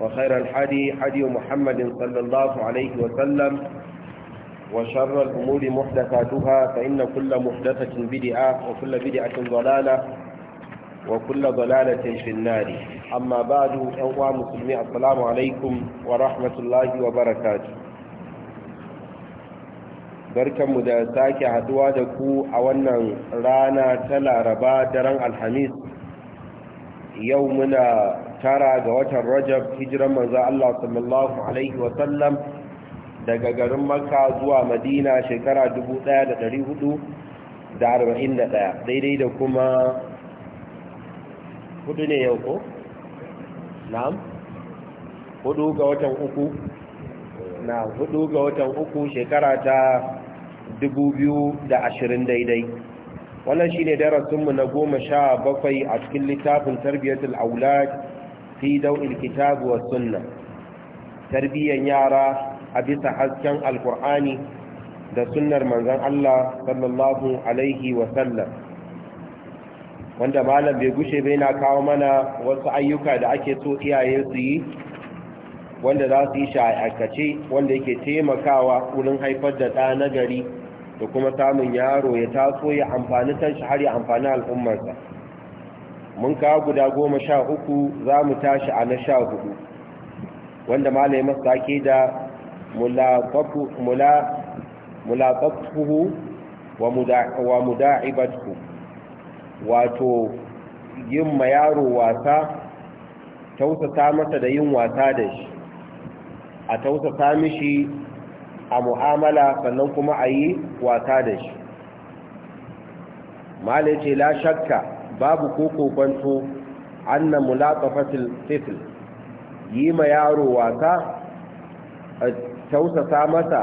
وخير الحدي حدي محمد صلى الله عليه وسلم وشر الأمور محدثاتها فإن كل محدثة بدعة وكل بدعة ضلالة وكل ضلالة في النار أما بعد أوى مسلمي السلام عليكم ورحمة الله وبركاته barkanmu da sake haduwa da ku a wannan rana ta laraba daren alhamis yau muna tara ga watan rajab hijiran manzo Allah sallallahu alaihi wa sallam daga garin makka zuwa madina shekara 1441 daidai da kuma hudu ne yau ko? na'am hudu ga watan uku na hudu ga watan uku shekara ta 2020 daidai wannan shine darasinmu na goma sha bakwai a cikin littafin tarbiyyar aulad fi dau'il kitabuwar wa sunna tarbiyyar yara a bisa hasken alkur'ani da sunnar manzon Allah sallallahu alaihi wa wanda malam bai gushe bai na kawo mana wasu ayyuka da ake so iyaye su yi wanda za su yi shi wanda yake taimakawa wurin haifar da ɗa na gari da kuma samun yaro ya taso ya amfani tashi har ya amfani al'ummarsa mun kawo guda goma sha uku za mu tashi a na sha hudu wanda malaye masu ake da mulaƙaƙuhu wa muda'ibatku wato yin ma yaro wasa tausasa masa da yin wasa da shi a tausasa mishi a mu'amala sannan kuma a yi wasa da shi malaye ce la shakka babu ko kokonto anna mulaqafatil tifl yi ma yaro wasa a tausasa masa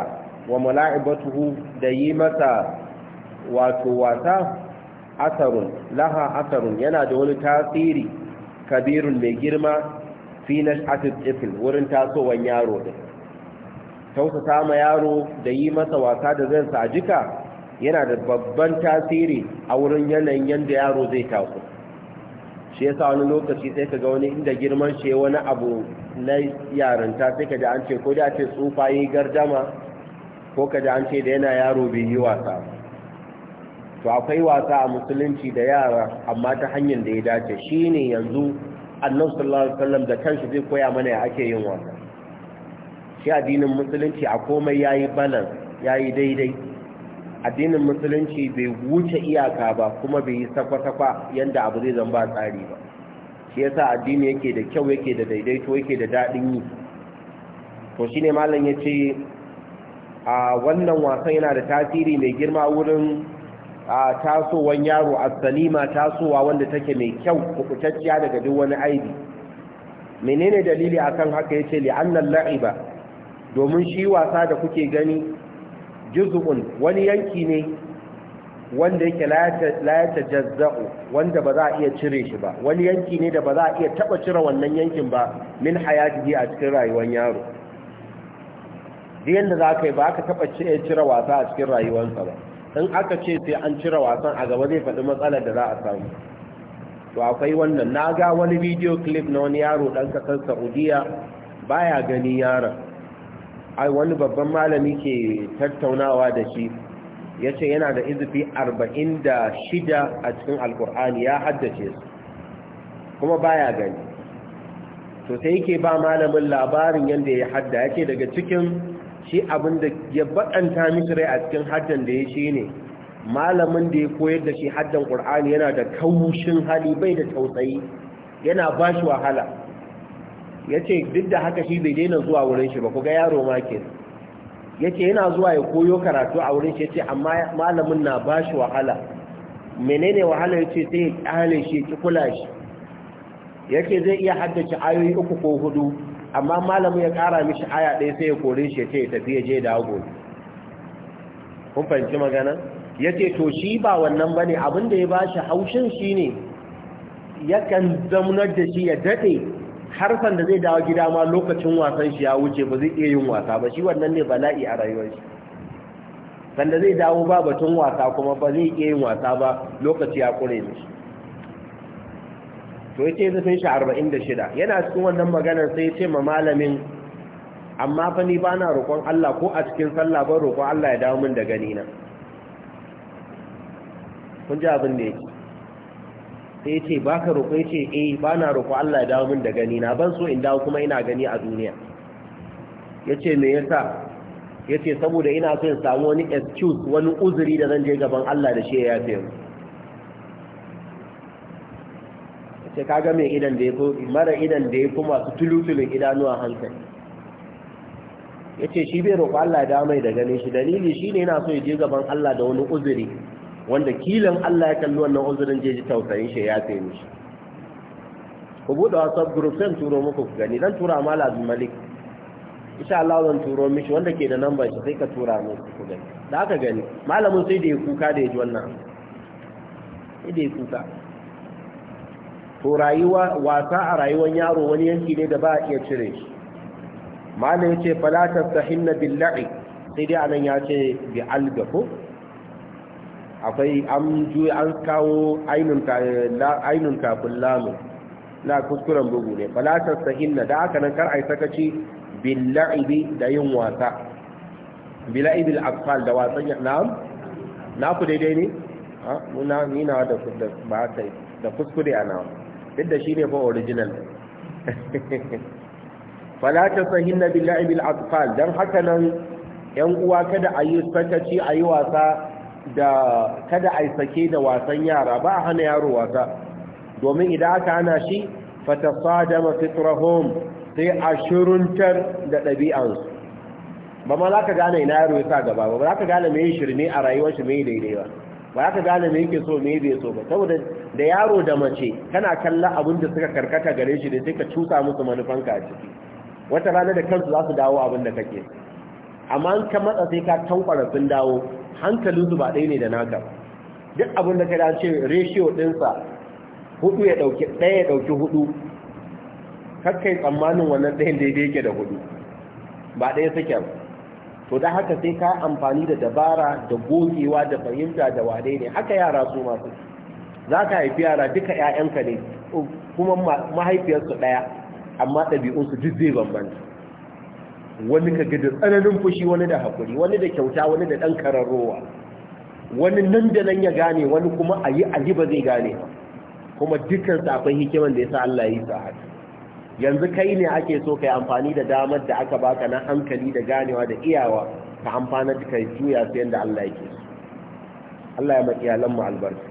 wa mula'ibatuhu da yi masa wato wasa asarun laha asarun yana da wani tasiri kabirun mai girma fi nash'atil tifl wurin tasowan yaro din tausasa ma yaro da yi masa wasa da zai sa jika yana da babban tasiri a wurin yanayin yadda yaro zai taso shi yasa wani lokaci sai ka ga wani inda girman shi wani abu na yaranta sai ka da an ce ko da ce tsufa yi gardama ko ka da an ce da yana yaro bai yi wasa to akwai wasa a musulunci da yara amma ta hanyar da ya dace shi ne yanzu annabi sallallahu alaihi wasallam da kansa zai koya mana ya ake yin wasa shi addinin musulunci a komai yayi balance yayi daidai addinin musulunci bai wuce iyaka ba kuma bai yi sakwa-sakwa yadda abu zai zamba tsari ba shi yasa addini yake da kyau yake da daidaito yake da daɗin yi to shine malam ya ce a wannan wasan yana da tasiri mai girma wurin a tasowan yaro a salima tasowa wanda take mai kyau kukutacciya daga duk wani aibi menene dalili akan haka ya yace li'annan la'iba domin shi wasa da kuke gani juz'un wani yanki ne wanda yake la tajazza'u wanda ba za a iya cire shi ba wani yanki ne da ba za a iya taba cire wannan yankin ba min hayatihi a cikin rayuwar yaro da yanda za ka yi ba aka taba cire wasa a cikin rayuwarsa ba in aka ce sai an cire wasan a gaba zai faɗi matsalar da za a samu to akwai wannan na ga wani video clip na wani yaro ɗan kasar saudiya baya gani yaron wani babban malami ke tattaunawa da shi ya ce yana da izifi arba'in da shida a cikin alkur'ani ya haddace su kuma baya gani to sai yake ba malamin labarin yadda ya hadda yake daga cikin shi abin da ya baɗanta misirai rai a cikin haddan da ya shi ne malamin da ya koyar da shi haddan ƙur'ani yana da kaushin hali bai da tausayi yana ba shi wahala ya ce duk da haka shi bai daina zuwa wurin shi ba ku ga yaro ma ke ya ce yana zuwa ya koyo karatu a wurin shi ya ce amma malamin na ba shi wahala menene wahala ya ce sai ya ƙyale shi ya kula shi ya ce zai iya haddace ayoyi uku ko hudu amma malamin ya ƙara mishi aya ɗaya sai ya kore shi ya ce ya tafi ya je dawo gobe kun fahimci magana ya ce to shi ba wannan ba ne abinda ya ba shi haushin shi ne yakan zaunar da shi ya daɗe har sanda zai dawo gida ma lokacin wasan shi ya wuce ba zai iya yin wasa ba shi wannan ne bala'i a rayuwar shi sanda zai dawo ba batun wasa kuma ba zai iya yin wasa ba lokaci ya kure mishi to yace zafin shi 46 yana cikin wannan maganar sai ya ce ma malamin amma fa ni bana roƙon Allah ko a cikin sallah ba roƙon Allah ya dawo min da gani na kun ji abin da yake sai ba ka roƙo yace eh bana roƙo Allah ya dawo min da gani na ban so in dawo kuma ina gani a duniya Ya ce me yasa Ya ce saboda ina so in samu wani excuse wani uzuri da zan je gaban Allah da shi ya yafe mu sai kaga mai idan da ya fi mara idan da ya fi masu tulutulun idanuwa hankali ya ce shi bai roƙo Allah da mai da gani shi dalili shi ne yana so ya je gaban Allah da wani uzuri wanda kilan Allah ya kalli wannan uzurin je ji tausayin shi ya tsaye mishi ku buɗe whatsapp group sai turo muku ku gani dan tura mala bin malik insha Allah zan turo mishi wanda ke da number shi sai ka tura muku ku gani da aka gani malamin sai da ya kuka da ya ji wannan sai da ya kuka to rayuwa wasa a rayuwar yaro wani yanki ne da ba a iya cire shi malam ya ce fala tastahinna billahi sai dai anan ya ce bi algafu akwai an juya an kawo ainun kafin lamun na kuskuren bugu ne sahin na. da aka nan kar a yi sakaci billa'ibi da yin wasa billa'ibi al'afal da wasan na'am na ku daidai ne Ni nina da ba da kuskure a nawa duk da shi ne fa original falatar sahinna billa'ibi al'afal don haka nan yan uwa kada a yi sakaci a yi wasa da kada a sake da wasan yara ba hana yaro wasa domin idan aka hana shi fatasadama fitrahum sai a shiruntar da ɗabi'ansu ba ma za ka gane ina yaro ya sa gaba ba ba za ka gane mai shirme a rayuwar shi mai daidai ba ba za ka gane mai yake so mai bai so ba saboda da yaro da mace kana kalla abin da suka karkata gare shi da sai ka cusa musu manufanka a ciki wata rana da kansu za su dawo abin da kake amma an ka matsa sai ka tankwara sun dawo hankalinsu ba ɗaya ne da naka duk abin da kada ce ratio ɗinsa hudu ya ɗauki ɗaya ya ɗauki hudu kakkai tsammanin wannan ɗayan daidai yake da hudu ba ɗaya suke ba to da haka sai ka amfani da dabara da gogewa da fahimta da wadai ne haka yara su masu za ka haifi yara duka 'ya'yanka ne kuma mahaifiyarsu ɗaya amma ɗabi'unsu duk zai bambanta wani ka da tsananin fushi wani da haƙuri wani da kyauta wani da ɗan kararrowa wani nan da nan ya gane wani kuma a yi ba zai gane kuma dukkan akwai hikiman da ya sa Allah yi sa haka yanzu kai ne ake so ka yi amfani da damar da aka baka na hankali da ganewa da iyawa ka amfana da kai juya su yadda Allah yake so Allah ya maki mu albarka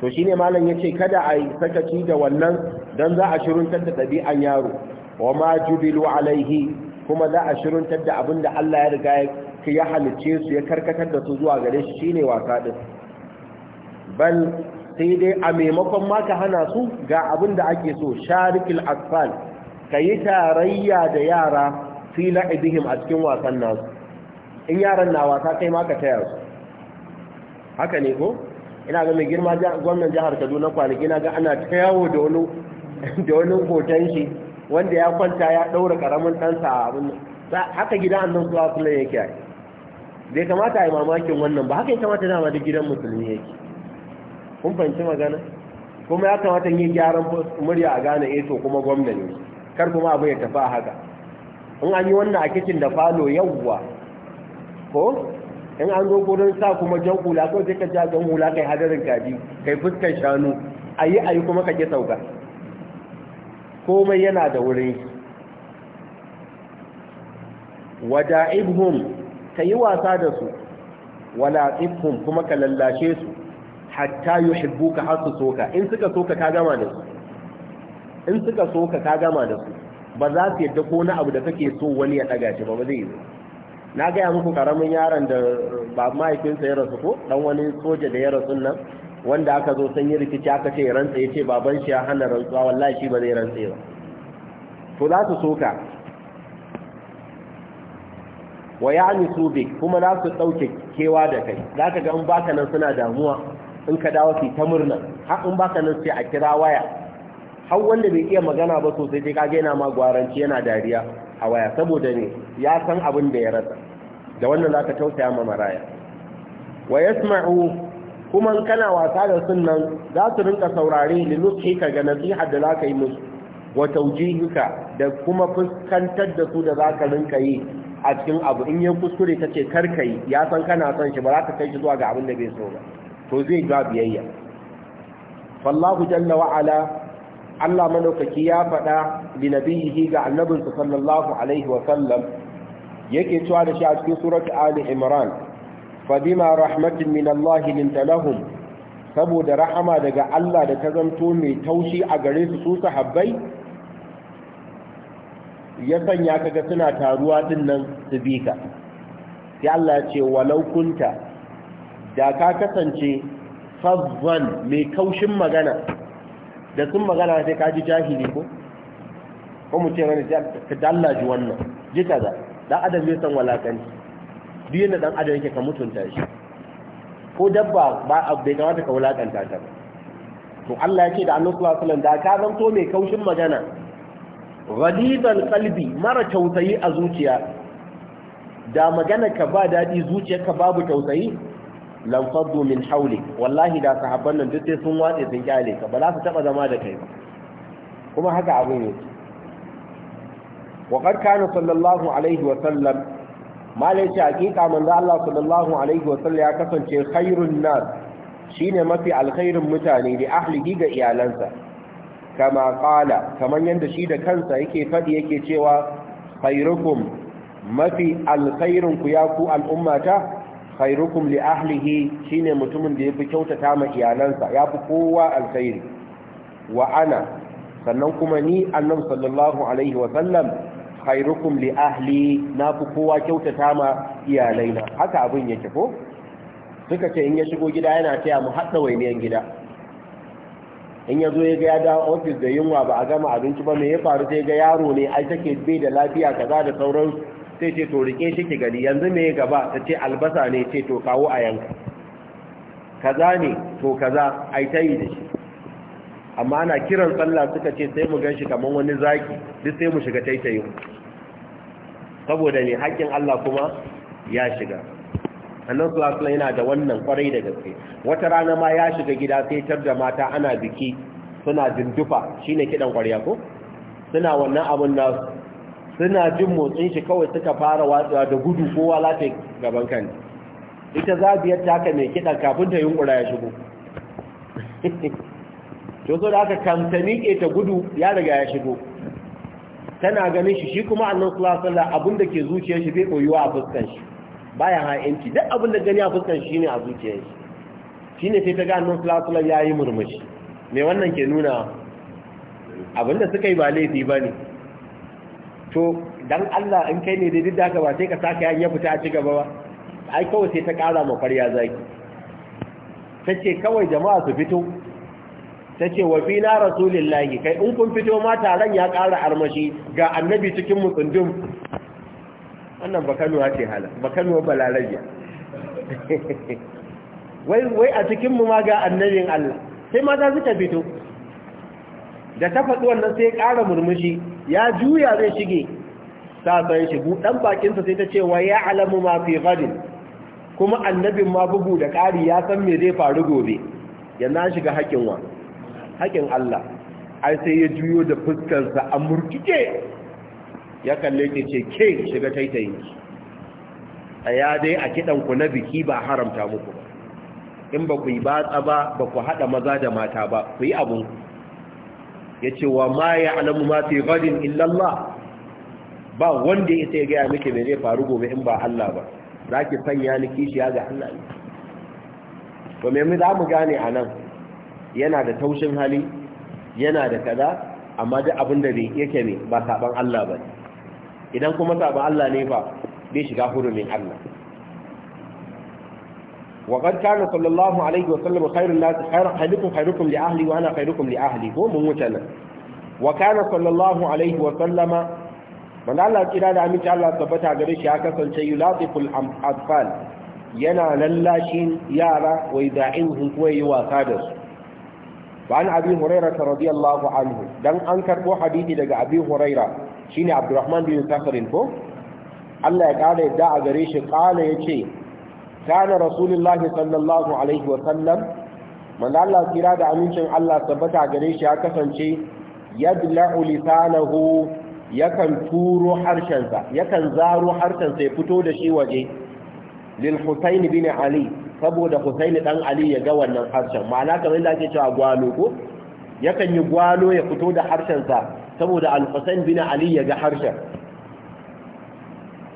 to shine malam yace kada a yi sakaci da wannan don za a shiruntar da ɗabi'an yaro wa ma jubilu alaihi kuma za a shiruntar da abin da Allah ya riga ya halicce su ya karkatar da su zuwa gare shi shine wasa din bal sai dai a maimakon ma ka hana su ga abin da ake so sharikil asfal ka yi tarayya da yara fi la'ibihim a cikin wasan nasu in yaran na wasa kai ma ka taya su haka ne ko ina ga mai girma gwamnan jihar kaduna kwanaki na ga ana ta yawo da wani hoton shi wanda ya kwanta ya ɗaura ƙaramin ɗansa a abin haka gidan annan suwa sulan yake a bai kamata a yi mamakin wannan ba haka ya kamata dama duk gidan musulmi yake kun fahimci magana kuma ya kamata yin gyaran murya a gane eto eh, kuma gwamna ne kar kuma abu ya tafi a haka in an yi wannan a kicin da falo yawwa ko in an zo gurin sa kuma jan hula ko sai ka ja jan hula kai hadarin kaji kai fuskar shanu ayi ayi kuma ka ke sauka komai yana da wurin ibhum ka yi wasa da su ibhum kuma ka lallashe su hatta yuhibbuka ka hasu soka in suka soka ka gama da su in suka soka ka gama da su ba za su yadda ko na abu da kake so wani ya daga shi ba ba zai yi na gaya muku karamin yaron da ba mahaifinsa ya rasu ko dan wani soja da ya rasu nan wanda aka zo sanyi rikici aka ce rantsa ya ce baban shi ya hana rantsuwa wallahi shi ba zai rantsa ba to za su soka wa su subik kuma za su dauke kewa da kai Za ka ga in baka nan suna damuwa in ka dawo ki ta murna har in baka nan sai a kira waya har wanda bai iya magana ba sosai sai kage yana ma gwaranci yana dariya a waya saboda ne ya san abin da ya rasa da wannan za ka tausaya ma maraya wa yasma'u kuma kana wasa da sunnan za su rinka saurare da ka ga nasiha da zaka yi musu wa taujihuka da kuma fuskantar da su da zaka rinka yi a cikin abu in ya kuskure kace karka yi ya san kana son shi ba za ka kai shi zuwa ga abin da bai so ba to zai ga biyayya wallahu jalla wa ala Allah madaukaki ya faɗa bi nabiyihi ga annabinsa sallallahu alaihi wa sallam yake cewa da shi a cikin suratu ali imran fabima rahmatin min Allah linta lahum saboda rahama daga Allah da ta zamto mai taushi a gare su su sahabbai ya sanya kaga suna taruwa din nan su bi ka sai Allah ya ce walau kunta da ka kasance fazzan mai kaushin magana da sun magana sai ka ji jahili ko ko mu ce mana ka dallaji wannan ji kaza dan adam ya san walakanci duk yadda dan adam yake ka mutunta shi ko dabba ba a bai kamata ka wulakanta ta to Allah ya ce da Annabi sallallahu alaihi wasallam da ka zanto mai kaushin magana ghalidan qalbi mara tausayi a zuciya da magana ka ba dadi zuciyarka babu tausayi lan faddu min hawli wallahi da sahabban nan duk sai sun watse sun kyale ka ba za su taba zama da kai ba kuma haka abin yake وقد كان صلى الله عليه وسلم malai ce hakika manzo Allah sallallahu alaihi wa sallam ya kasance khairun nas shine mafi alkhairin mutane da ahlihi ga iyalansa kama qala kaman yanda shi da kansa yake fadi yake cewa khairukum mafi alkhairin ku ya ku al'ummata khairukum li ahlihi shine mutumin da yafi kyautata ma iyalansa yafi kowa alkhairi wa ana sannan kuma ni annabi sallallahu alaihi wa sallam khairukum li ahli na fi kowa kyautata ma iyalaina haka abin yake ko suka ce in ya shigo gida yana taya mu haɗa wainiyan gida in ya zo ya ga ya da ofis da yunwa ba a gama abinci ba me ya faru sai ga yaro ne ai take bai da lafiya kaza da sauran sai ce to rike shi ki gani yanzu me ya gaba ta ce albasa ne ce to kawo a yanka kaza ne to kaza ai tayi da shi amma ana kiran sallah suka ce sai mu ganshi kamar wani zaki duk sai mu shiga taitayin saboda ne haƙƙin Allah kuma ya shiga annan su yana da wannan kwarai da gaske wata rana ma ya shiga gida sai tar da mata ana biki suna dindufa shine kidan kwarya ko suna wannan abun nasu suna jin motsin shi kawai suka fara watsuwa da gudu kowa lati gaban kan ita zabiyar ta haka mai kiɗan kafin ta yunkura ya shigo to so da aka kamta ke ta gudu ya riga ya shigo tana ganin shi shi kuma annan sulasallah abinda ke zuciyar shi bai koyuwa a fuskar shi ha ha'inci duk abinda gani a fuskar shi ne a zuciyar shi shine sai ta ga annan sulasallah ya yi murmushi Me wannan ke nuna abinda suka yi ba laifi ba ne to dan allah in kai ne da duk da ba sai ka saka yan ya fita a ci gaba ba ai kawai sai ta kara ma kwarya zaki ta ce kawai jama'a su fito Ta ce wa rasulun lahi kai in kun fito ma taron ya ƙara armashi ga annabi cikin mutundun wannan bakanuwa ce hala bakanuwa balarabiya wai wai a cikin mu ma ga annabin Allah sai maza suka fito da ta faɗi wannan sai ya ƙara murmushi ya juya zai shige ta san shi buɗan bakinsa sai ta ce wa ya alamu ma fi fadin kuma annabin ma bugu da ƙari ya san me zai faru gobe yana shiga haƙƙin wa haƙin Allah ai sai ya juyo da fuskarsa a murtuke ya kalle ke ce ke shiga taitayin ki a ya dai a kiɗanku na biki ba haramta muku ba in ba ku yi batsa ba ba ku haɗa maza da mata ba ku yi abin ya ce wa ma ya alamu ma fi gadin illallah ba wanda ya sai gaya miki mai zai faru gobe in ba Allah ba za ki sanya ni kishiya ga Allah ne Ba mai mu za mu gane a nan yana da taushin hali yana da kaza amma da abinda ne yake ne ba saban Allah ba idan kuma saban Allah ne ba bai shiga hurumin Allah wa qad kana sallallahu alaihi wa sallam khairul nas khairu halikum khairukum li wa ana khairukum li ahli ko mun wuce nan wa kana sallallahu alaihi wa sallama man Allah kira da amince Allah tabbata gare shi ya kasance yulatiful amfal yana lallashin yara wai yada'inhum kuwa yi wasa da su وعن أبي هريرة رضي الله عنه دان أنكر بو حديثي لغا أبي هريرة شيني عبد الرحمن بن سفر فو الله قال يدعى غريش قال يشي كان رسول الله صلى الله عليه وسلم من الله كراد أمينشن الله ثبتع غريش يكسن شي يدلع لسانه يكن تورو حرشنسا يكن زارو حرشنسا يفتو دشي وجه للحسين بن علي saboda Husaini dan Ali ya ga wannan harshen ma'ana kamar yadda ake cewa gwalo ko yakan yi gwalo ya fito da harshen sa saboda Al-Husain bin Ali ya ga harshen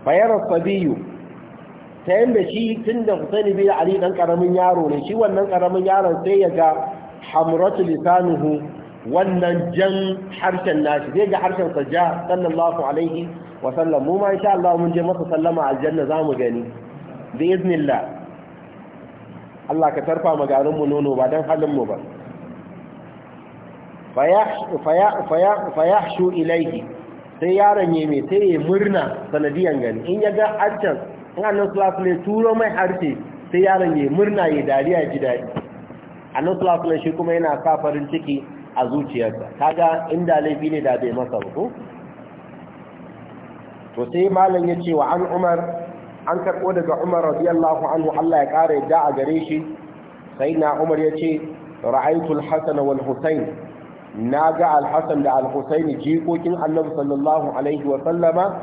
fayara sabiyu ta yanda shi tunda Husaini bin Ali dan karamin yaro ne shi wannan karamin yaron sai ya ga hamratu lisanuhu wannan jan harshen nashi zai ga harshen sa ja sallallahu alaihi wa sallam mu ma insha Allah mun je masa sallama aljanna zamu gani bi iznillah Allah ka tarfa magarinmu nono ba don halinmu ba fayashu ilaihi sai yaron ya mai sai ya murna sanadiyan gani in ya ga arcan in annan sulasula turo mai harshe sai yaron ya murna ya dariya ya ji daɗi annan sulasula shi kuma yana sa farin ciki a zuciyarsa kaga inda laifi ne da bai masa ba ko to sai malam ya ce wa an umar an karɓo daga umar radiyallahu anhu Allah ya ƙara yadda a gare shi sai na umar ya ce ra'aitul hasan wal husain na ga alhassan da alhussain husain jikokin annabi sallallahu alaihi wa sallama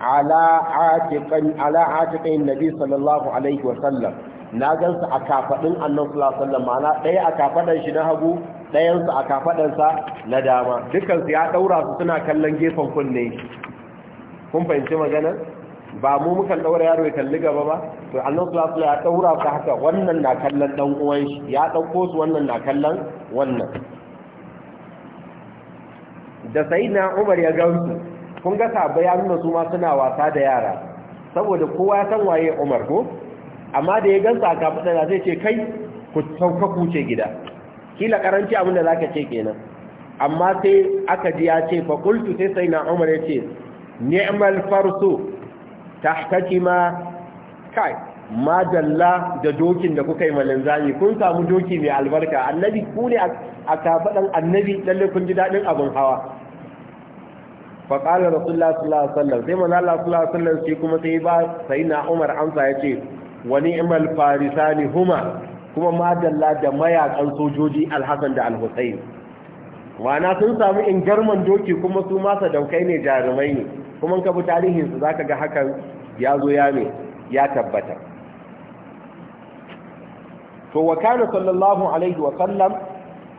ala atiqan ala nabi sallallahu alaihi wa sallam na gansu a kafaɗin annabi sallallahu alaihi wa sallam ma'ana ɗaya a kafadan shi na hagu ɗayansu a kafadansa na dama dukansu ya ɗaura su suna kallon gefen kunne kun fahimci maganar ba mu muka daura yaro ya kalli gaba ba to annabi sallallahu alaihi ya daura ka haka wannan na kallon dan uwan shi ya dauko su wannan na kallon wannan da sayyidina Umar ya gansu kun ga sabai ya nuna su ma suna wasa da yara saboda kowa ya san waye Umar ko amma da ya gansa a da zai ce kai ku sauka ce gida kila karanci abin da zaka ce kenan amma sai aka ji ya ce fa qultu sai sayyidina Umar ya ce ni'mal farsu ma kai madalla da dokin da kuka yi malinzami kun samu doki mai albarka annabi ku ne a kafaɗan annabi lalle kun ji daɗin abin hawa faƙalar rasulullah sallallahu alaihi wasallam sai Allah sallallahu alaihi shi kuma sai ba sai na Umar amsa wani wa farisa ne? huma kuma madalla da mayakan sojoji Alhassan da al-Husayn sun samu ingarman doki kuma su masa sadaukai ne jarumai ne kuma ka bi tarihinsu za ka ga hakan ya zo ya ne ya tabbata to wa kana sallallahu alaihi wa sallam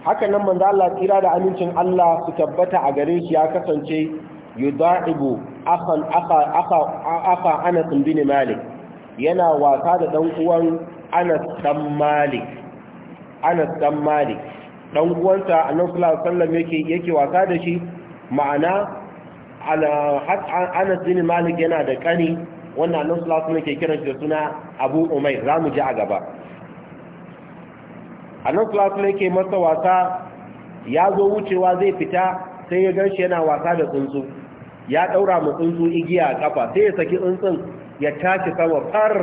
haka nan manzo Allah tsira da amincin Allah su tabbata a gare shi ya kasance yudaibu akhan akha akha Anas bin Malik yana wasa da dan uwan Anas dan Malik Anas dan Malik dan uwansa Annabi sallallahu alaihi wasallam yake yake wasa da shi ma'ana anas bin malik yana da kani wannan annabi sallallahu ke kiran shi da suna abu umai za mu ji a gaba annabi sallallahu alaihi ke masa wasa ya zo wucewa zai fita sai ya shi yana wasa da tsuntsu ya ɗaura mu tsuntsu igiya a kafa sai ya saki tsuntsun ya tashi sama far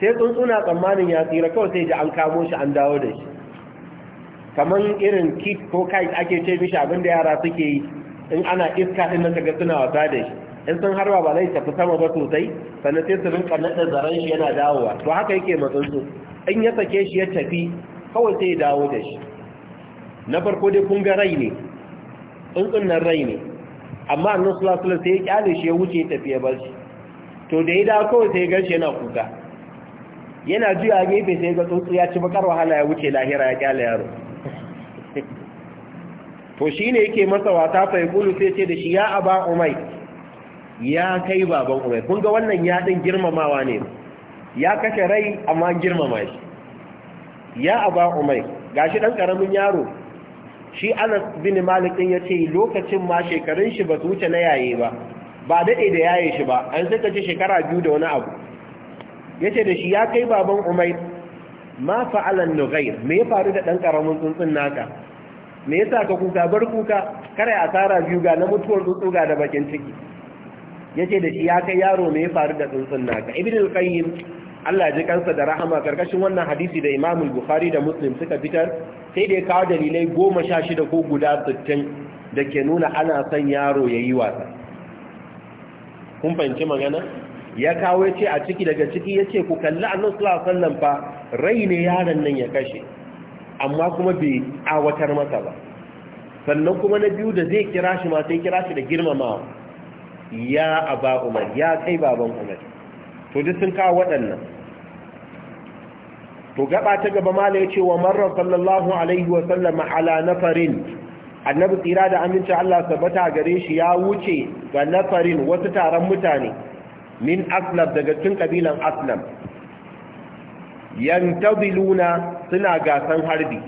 sai tsuntsu na tsammanin ya tsira kawai sai ji an kamo shi an dawo da shi kamar irin kit ko kite ake ce mishi abinda yara suke yi in ana iska din nan suna wasa da shi in sun harba ba zai tafi sama ba sosai sannan sai su rinka naɗa zaren shi yana dawowa to haka yake matsinsu in ya sake shi ya tafi kawai sai ya dawo da shi na farko dai kun ga rai ne tsuntsun nan rai ne amma annan sulasula sai ya kyale shi ya wuce ya tafi ya bar shi to da ya dawo kawai sai ya gan shi yana kuka yana juya gefe sai ga tsuntsu ya ci bakar wahala ya wuce lahira ya kyale yaro to shi ne yake masa wata fa sai ce da shi ya aba umai, ya kai baban umai. kun ga wannan ya din girmamawa ne ya kashe rai amma girmama shi ya aba ga gashi dan karamin yaro shi Anas bin Malik din yace lokacin ma shekarun shi ba su wuce na yaye ba ba dade da yaye shi ba an saka ce shekara biyu da wani abu yace da shi ya kai baban Umai, ma fa'alan nughair me ya faru da dan karamin tsuntsun naka me yasa ka kuka bar kuka kare asara biyu ga na mutuwar tsuntsu ga da bakin ciki yace da shi ya kai yaro me ya faru da tsuntsun naka ibn al-qayyim Allah ji kansa da rahama karkashin wannan hadisi da Imam al-Bukhari da Muslim suka fitar sai da ya kawo dalilai 16 ko guda 60 da ke nuna ana son yaro yayi wasa kun fahimci magana ya kawo yace a ciki daga ciki yace ku kalli Annabi sallallahu alaihi wasallam fa rai ne yaron nan ya kashe amma kuma bai awatar masa ba sannan kuma na biyu da zai kira shi ma sai kira shi da girmamawa ya aba umar ya kai baban umar to duk sun kawo waɗannan to gaba ta gaba mala ya ce wa marar sallallahu alaihi wa sallama ala nafarin annabi tsira da aminci Allah sabata gare shi ya wuce ga nafarin wasu taron mutane min aslam daga cikin kabilan aslam yantabiluna suna gasan harbi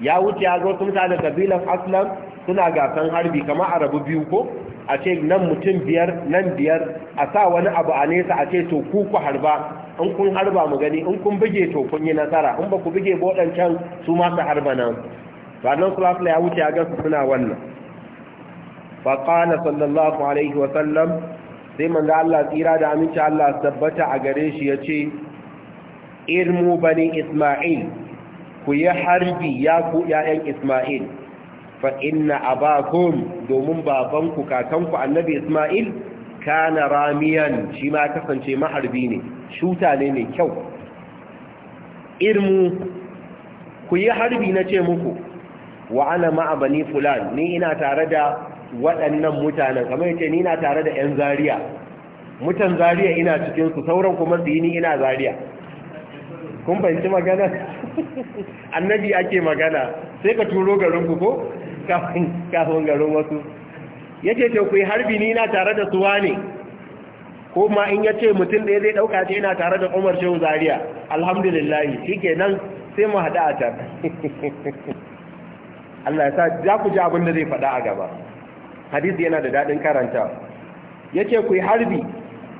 ya wuce ya zo sun da kabilan aslam suna gasan harbi kamar a rabu biyu ko a ce nan mutum biyar nan biyar a sa wani abu a nesa a ce to ku ku harba in kun harba mu gani in kun buge to kun yi nasara in ba ku buge can su ma su harba nan ranar kulafula ya wuce ya ga su suna wannan qala sallallahu alaihi wa sallam sai manzo Allah tsira da aminci Allah tabbata a gare shi yace irmu bani isma'il ku yi harbi ya ku ‘ya'yan isma'il fa inna abakum domin babanku kakanku annabi isma'il kana ramiyan shi ma kasance maharbi ne shuta ne mai kyau irmu ku yi harbi na ce muku wa ana ma'abani fulan ni ina tare da waɗannan mutanen kamar yake ni ina tare da 'yan zariya mutan zariya ina cikinsu sauran kuma su yi ni ina zariya kun fahimci magana annabi ake magana sai ka turo garin ku ko kafin garin wasu ya ce ce ku yi harbi ni na tare da suwa ne ko ma in ya ce mutum ɗaya zai ɗauka ce yana tare da umar shehu zaria Alhamdulillah. shi nan sai mu haɗa a can Allah ya sa za ku ji abin da zai faɗa a gaba hadisi yana da daɗin karanta ya ce ku yi harbi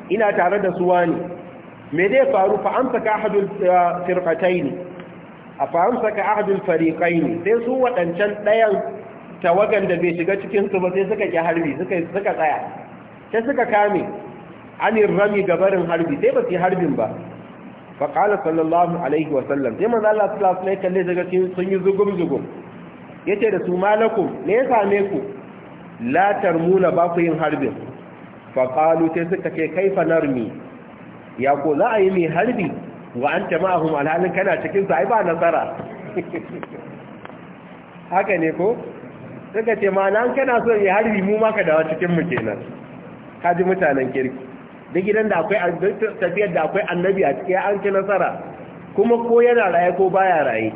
ina tare da suwa ne me dai faru fa amsaka ahadul eh, firqatayn fa amsaka ahadul fariqayn sai su wadancan dayan tawagan da bai shiga cikin su ba sai suka ki harbi suka suka tsaya sai suka kame anir rami gabarin harbi sai ba su harbin ba fa qala sallallahu alaihi wa sallam sai manzo Allah sallallahu alaihi kalle daga cikin sun yi zugum zugum yace da su malakum ne ya same ku la tarmuna ba ku yin harbin fa qalu sai suka ce kaifa narmi ya ko za a yi mai harbi wa an jama'ahum alhalin kana cikin sa ai ba nasara haka ne ko suka ce ma nan kana so yi harbi mu maka dawa cikin mu kenan ka ji mutanen kirki duk gidan da akwai tafiyar da akwai annabi a cikin an ci nasara kuma ko yana raye ko baya raye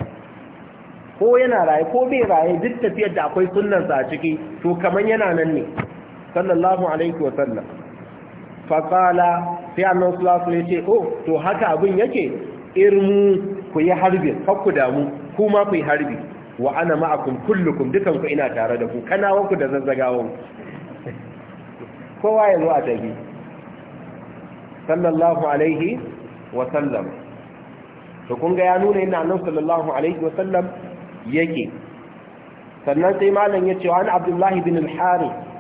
ko yana raye ko bai raye duk tafiyar da akwai sunnansa a ciki to kaman yana nan ne sallallahu alaihi wa sallam Fasala sai annan sulasu ya ce o oh, to haka abin yake irmu ku yi harbi ku damu kuma ku yi harbi wa ana ma'akum kullukum dukanku ina tare da ku kanawanku da zazzagawon kowa ya a tafi sallallahu alaihi wa sallam to kun ga ya nuna yana annan sallallahu alaihi wa sallam yake sannan sai malam ya ce wa ana abdullahi bin al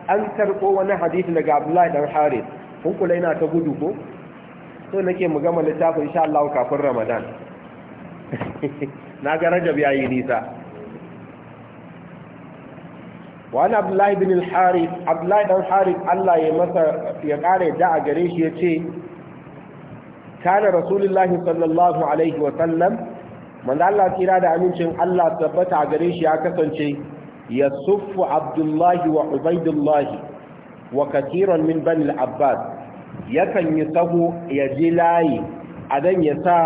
an karɓo wani hadisi daga abdullahi dan harith kun kula ina ta gudu ko so nake mu gama littafin insha Allah kafin Ramadan na ga Rajab yayi nisa wa ana Abdullah ibn al-Harith Abdullah dan Harith Allah ya masa ya kare da a gare shi yace kana Rasulullah sallallahu alaihi wa sallam manzo Allah kira da amincin Allah tabbata a gare shi ya kasance yasuffu Abdullah wa Ubaidullah wa katiran min bani al-abbas yakan yi sahu ya ji layi a dan ya sa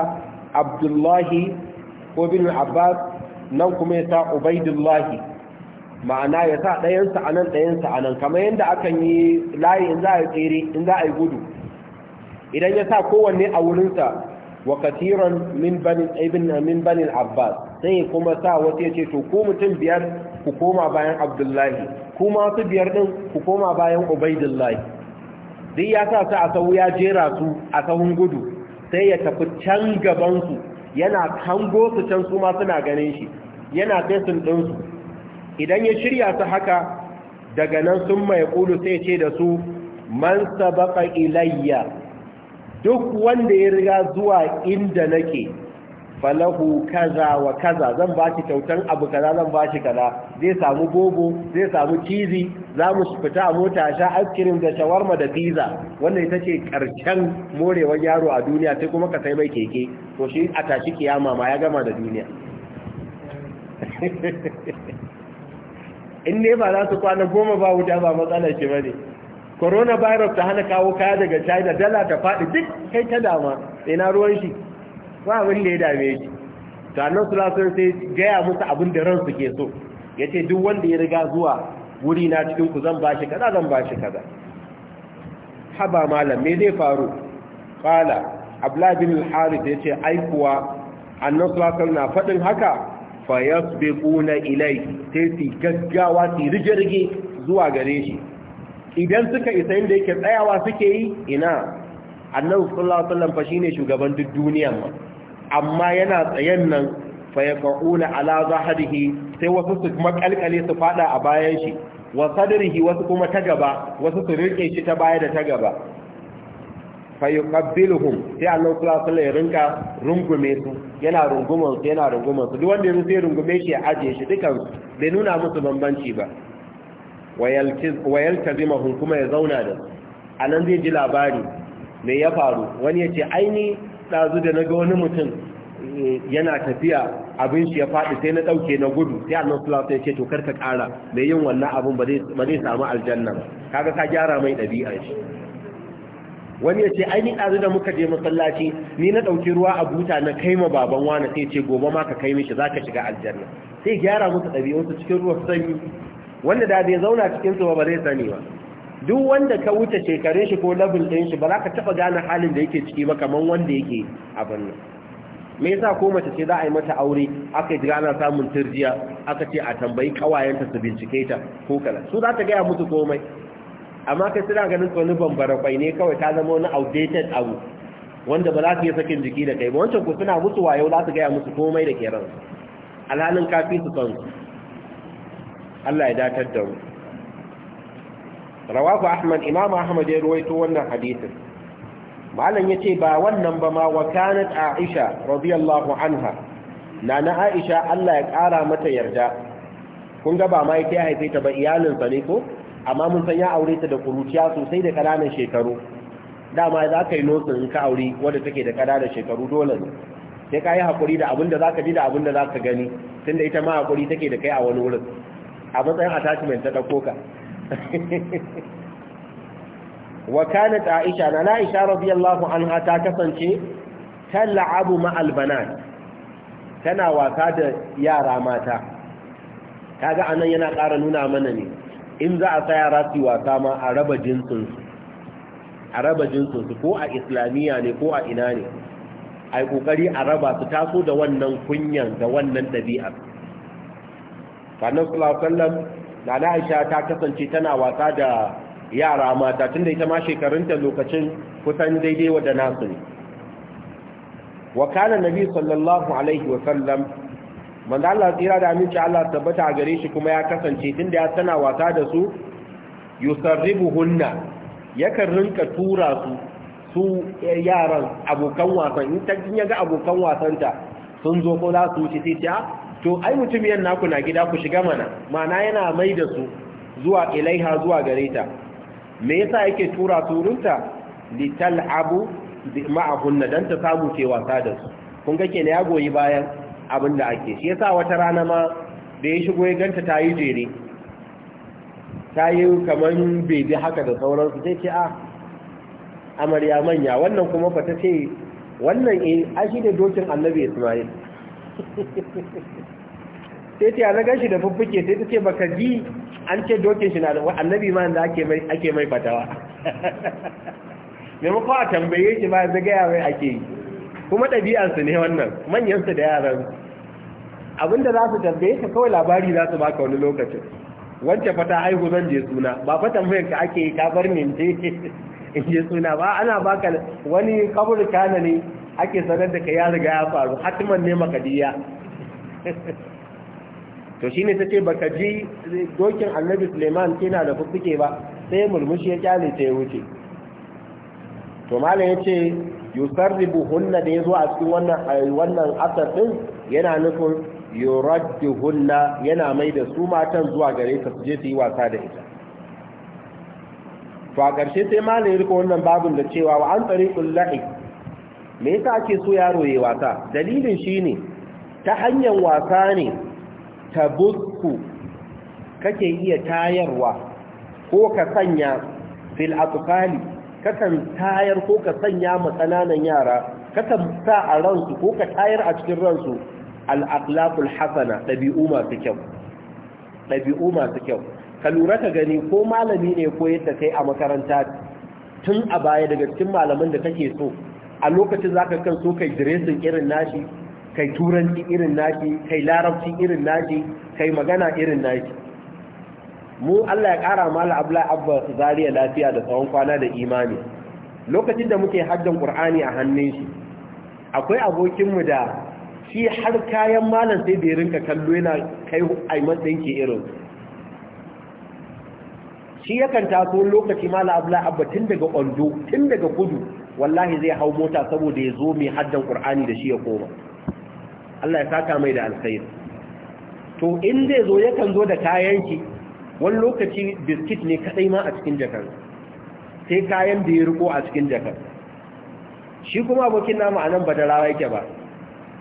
abdullahi ko bin abbas nan kuma ya sa ubaidullahi ma'ana ya sa ɗayansa a nan ɗayansa a nan kamar yadda akan yi layi in za a yi tsere in za a yi gudu idan ya sa kowanne a wurinsa wa katiran min banin ibn abbas sai kuma sa wasu ya ce to ko mutum biyar ku koma bayan abdullahi kuma su biyar din ku koma bayan ubaidullahi duk ya sa su a sau ya jera su a sahun gudu sai ya tafi can gabansu yana kango su can su ma suna ganin shi yana fesin ɗinsu idan ya shirya su haka daga nan sun mai ƙulu sai ce da su man sabaka ilayya duk wanda ya riga zuwa inda nake falahu kaza wa kaza zan ba shi kyautan abu kaza zan ba shi kaza zai samu gogo, zai samu cizi za mu fita a mota sha askirin da shawarma da pizza wannan ita ce karshen morewar yaro a duniya sai kuma ka sai mai keke to shi a tashi kiyama ma ya gama da duniya in ne ba za su kwana goma ba wuta ba matsala ce bane coronavirus ta hana kawo kaya daga china dala ta faɗi duk kai ta dama ina ruwan shi ba abin da ya dame shi to Allah sallallahu sai gaya musu abin da ransu ke so yace duk wanda ya riga zuwa wuri na cikin ku zan bashi kaza zan bashi kaza haba malam me zai faru qala abla bin al-harith yace aikuwa annabi sallallahu na fadin haka fa yasbiquna ilai sai su gaggawa su rige zuwa gare shi idan suka isa inda yake tsayawa suke yi ina annabi sallallahu alaihi wasallam fa shine shugaban duk duniyar ma amma yana tsayen nan fa ka'una ala zahrihi sai wasu su makalkale su fada a bayan shi wa sadrihi wasu kuma ta gaba wasu su rike shi ta baya da ta gaba fa yuqabbiluhum sai Allah sallallahu alaihi rinka rungume su yana runguma su yana runguma su duk wanda yazo sai rungume shi ya aje shi dukan bai nuna musu bambanci ba wa wayaltazimahum kuma ya zauna da anan zai ji labari me ya faru wani yace aini ɗazu da na ga wani mutum eh, yana tafiya abin shi ya faɗi sai na ɗauke na gudu sai annan sulasa ya ce to karka ƙara mai yin wannan abin ba zai samu aljanna kaga ka gyara mai ɗabi'a shi wani ya ce ai ni ɗazu da muka je masallaci ni na ɗauki ruwa a buta na kai ma baban wani sai ce gobe ma ka kai mishi za ka shiga aljanna sai gyara musu su cikin ruwa sanyi wanda da zai zauna cikin su ba ba zai sani ba duk wanda ka wuce shekarun shi ko level ɗin shi ba za ka taɓa gane halin da yake ciki ba kamar wanda yake abin nan me yasa ko mace ce za a yi mata aure aka yi gana samun turjiya aka ce a tambayi kawayenta su bincike ta ko kala su za ta gaya musu komai amma kai suna ganin tsoni bambara kwai ne kawai ta zama wani outdated abu wanda ba za su yi sakin jiki da kai ba wancan ku suna musu wayo za su gaya musu komai da ke ransu alhalin kafi su kansu Allah ya datar da mu rawahu ahmad imam ahmad ya ruwaito wannan hadisin malam yace ba wannan ba ma wa kanat aisha radiyallahu anha nana aisha Allah ya kara mata yarda kun ga ba mai ya haife ta ba iyalin sa ne ko amma mun san ya aure ta da kuruciya sosai da kananan shekaru dama za ka yi nosin in ka aure wadda take da kananan shekaru dole ne sai ka yi hakuri da abin da za ka ji da abin da za ka gani tunda ita ma hakuri take da kai a wani wurin a matsayin attachment ta ɗauko ka wa kanat aisha na aisha radiyallahu anha ta kasance tal'abu ma banat tana wasa da yara mata kaga anan yana ƙara nuna mana ne in za a sa yara su wasa ma a raba jinsin su a raba jinsin su ko a islamiyya ne ko a ina ne ai kokari a raba su taso da wannan kunyan da wannan dabi'a sannan sallallahu alaihi wasallam nana aisha ta kasance tana wasa da yara mata tunda ita ma shekarunta lokacin kusan daidai wa da nasu ne wa kana nabi sallallahu alaihi wasallam Allah tsira da aminci Allah tabbata a gare shi kuma ya kasance tunda ya tana wasa da su yusarribuhunna yakan rinka tura su su yaran abokan wasan in ta ga abokan wasanta sun zo ko za su wuce sai ta to ai yan naku na gida ku shiga mana mana yana mai da su zuwa ilaiha zuwa gare ta me yasa yake tura surunta lital'abu ma'ahunna dan ta samu ke wasa da su kun ga kenan ya goyi bayan abin da ake shi yasa wata rana ma da ya shigo ya ganta ta yi jere ta yi kamar bebi haka da sauransu sai ce a ah, amarya manya wannan kuma ba ta ce wannan eh ashi da dokin annabi ismail sai ta yana gashi da fuffuke sai ta ce baka ji an ce dokin shi na da annabi ma da ake mai ake mai fatawa me muka tambaye shi ba zai gaya mai ake yi kuma ɗabi'arsu ne wannan manyansu da yaran abinda za su tambaye ka kawai labari za su baka wani lokacin wancan fata haihu zan je suna ba fa tambayar ka ake yi ka bar ni in je suna ba ana baka wani kabur kana ne ake sanar da ka ya riga ya faru hatiman ne makadiya to shine ta ce baka ji dokin annabi suleiman kina da fuffuke ba sai murmushi ya kyale ta ya wuce to malam ya ce yusarribu hunna da ya zo a cikin wannan wannan asar din yana nufin yuraddu hunna yana mai da su matan zuwa gare ta su je su yi wasa da ita to a ƙarshe sai malam ya rika wannan babin da cewa wa an tsari lahi me yasa ake so yaro yayi wasa dalilin shine ta hanyar wasa ne tabukku kake iya tayarwa ko ka sanya fil Ka kakan tayar ko ka sanya ma yara? Ka kakan sa a ransu ko ka tayar a cikin ransu al aqlaqul hasana dabi'u masu kyau dabi'u kyau ka lura ka gani ko malami ne ko yadda kai a makaranta tun a baya daga cikin malaman da kake so a lokacin ka kan so kai diresin irin nashi kai turanci irin nashi kai larabci irin nashi kai magana irin nashi mu Allah ya kara mala abla abba zariya lafiya da tsawon kwana da imani lokacin da muke haddan qur'ani a hannun shi akwai abokin mu da shi har kayan malam sai da ya rinka kallo yana kai matsayin ki irin shi yakan taso lokaci mala abla abba tun daga ondo tun daga kudu wallahi zai hau mota saboda ya zo mai haddan ƙur'ani da shi ya koma Allah ya saka mai da alkhairi to in zai zo yakan zo da kayan wani lokaci biskit ne kadai ma a cikin jakar sai kayan da ya riko a cikin jakar shi kuma abokin namu anan ba da rawa yake ba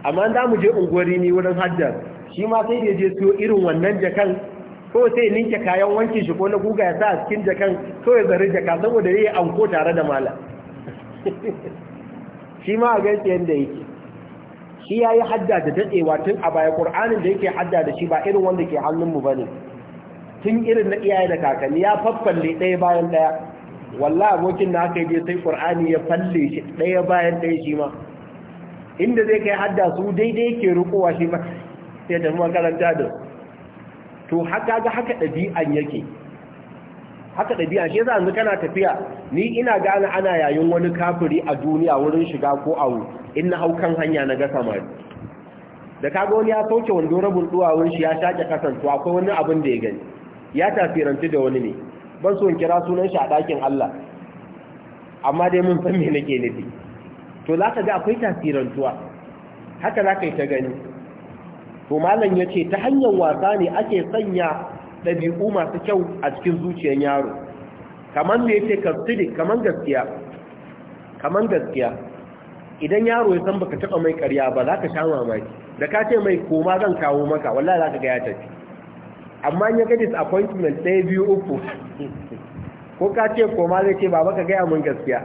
amma da mu je unguwari ne wurin haddar shi ma sai da je siyo irin wannan jakan ko sai ninke kayan wankin shi ko na guga ya sa a cikin jakan ko ya zari jaka saboda yi anko tare da malam shi ma a gaishe yadda yake shi ya yi hadda da daɗewa tun a baya ƙur'anin da yake hadda da shi ba irin wanda ke hannunmu ba ne tun irin na iyaye da kakanni ya faffalle ɗaya bayan ɗaya wallah abokin na aka je sai ƙur'ani ya falle shi ɗaya bayan ɗaya shi ma inda zai kai hadda su daidai ke rukowa shi ma sai tafi makaranta da to haka ga haka ɗabi'an yake haka ɗabi'a shi yasa yanzu kana tafiya ni ina gane ana yayin wani kafiri a duniya wurin shiga ko awu in na haukan hanya na gasa mai. da kaga wani ya sauke wando rabin duwawun shi ya shaƙe kasantuwa akwai wani abin da ya gani ya tafiranci da wani ne ban so in kira sunan shi a ɗakin Allah amma dai mun san me nake nufi to za ka ga akwai tafirantuwa haka za ka yi ta gani to malam ya ce ta hanyar wasa ne ake sanya ɗabi'u masu kyau a cikin zuciyar yaro kamar me ce kasiri kamar gaskiya kamar gaskiya idan yaro ya san baka taɓa mai ƙarya ba za ka sha mamaki da ka ce mai koma zan kawo maka wallah za ka gaya tafi amma ya ga appointment ɗaya biyu uku ko ka ce koma zai ce baba ka gaya mun gaskiya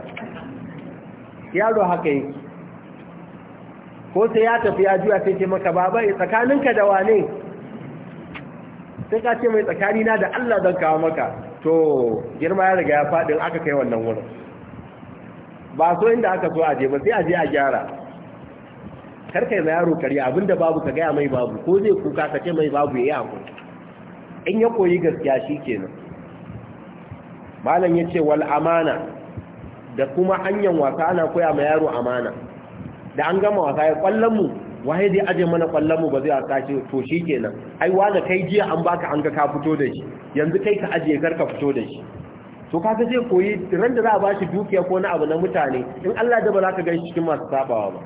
yaro haka yi ko sai ya tafi ya juya sai ce maka baba tsakaninka da wane sai ka ce mai tsakani na da Allah zan kawo maka to girma ya riga ya faɗin aka kai wannan wurin ba so inda aka so aje ba sai aje a gyara kar kai yaro kare abinda babu ka gaya mai babu ko zai kuka ka ce mai babu ya yi abu in ya koyi gaskiya shikenan malam yace wal amana da kuma hanyar wasa ana koya ma yaro amana da an gama wasa ya kwallon mu waye zai aje mana kwallon mu ba zai aka ce to shi kenan, ai wani kai jiya an baka an ga ka fito da shi yanzu kai ka aje kar ka fito da shi to kaga zai koyi ran da za a bashi dukiya ko na abu na mutane in Allah da ba za ka gan cikin masu sabawa ba